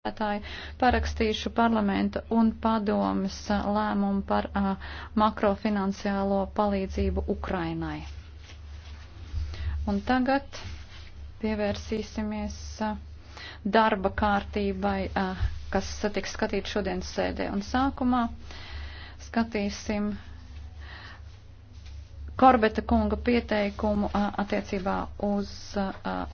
priekšsēdētāji parakstīšu parlamenta un padomas lēmumu par a, makrofinansiālo palīdzību Ukrainai. Un tagad pievērsīsimies a, darba kārtībai, a, kas tiks skatīt šodienas sēdē. Un sākumā skatīsim Korbeta kunga pieteikumu a, attiecībā uz. A,